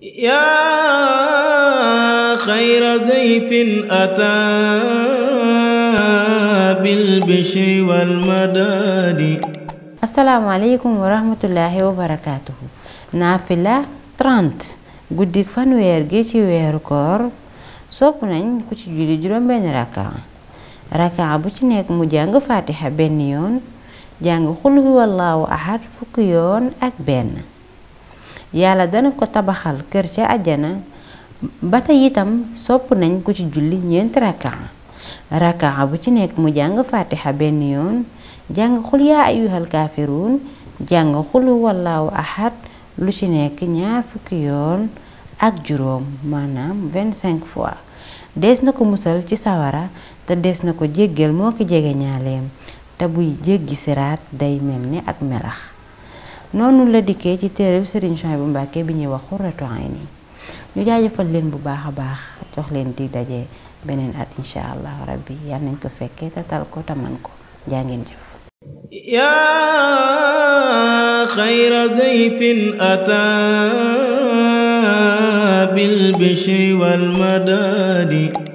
yaa xayra dayfin ataa bil bishri wal madaadi asalaamaaleykum wa rahmatullahi wa naafila 30 guddi fanweer gi ci weeru koor sopp nañ ku ci julli juróom benn rakaa rakaa bu ci nekk mu jàng faatiha benn yoon jàng xul huwallaahu ahad fukki yoon ak benn yàlla dana ko tabaxal kër ca àjjana ba te itam sopp nañ ko ci julli ñeenti rakkaa rakkaa bu ci nekk mu jàng fatiha benn yoon jàng xul yaa ayyuhal kaafiruun jàng xulu wallaahu ahad lu ci nekk ñaar fukki yoon ak juróom maanaam vingt-cinq fois des na ko musal ci sawara te des na ko jéggal moo ko jege ñaaleem te buy jéggi siraat day mel ni ak melax noonu la dikkee ci téere bi Serigne bu Mbacké bi ñuy wax Xurratu Ayni ñu jaajëfal leen bu baax a baax jox leen di daje beneen at incha allah rabbi yal nañ ko fekkee te tal ko te man ko jaa ngeen jëf yaa xayra dayfin ataa bil bishri wal madadi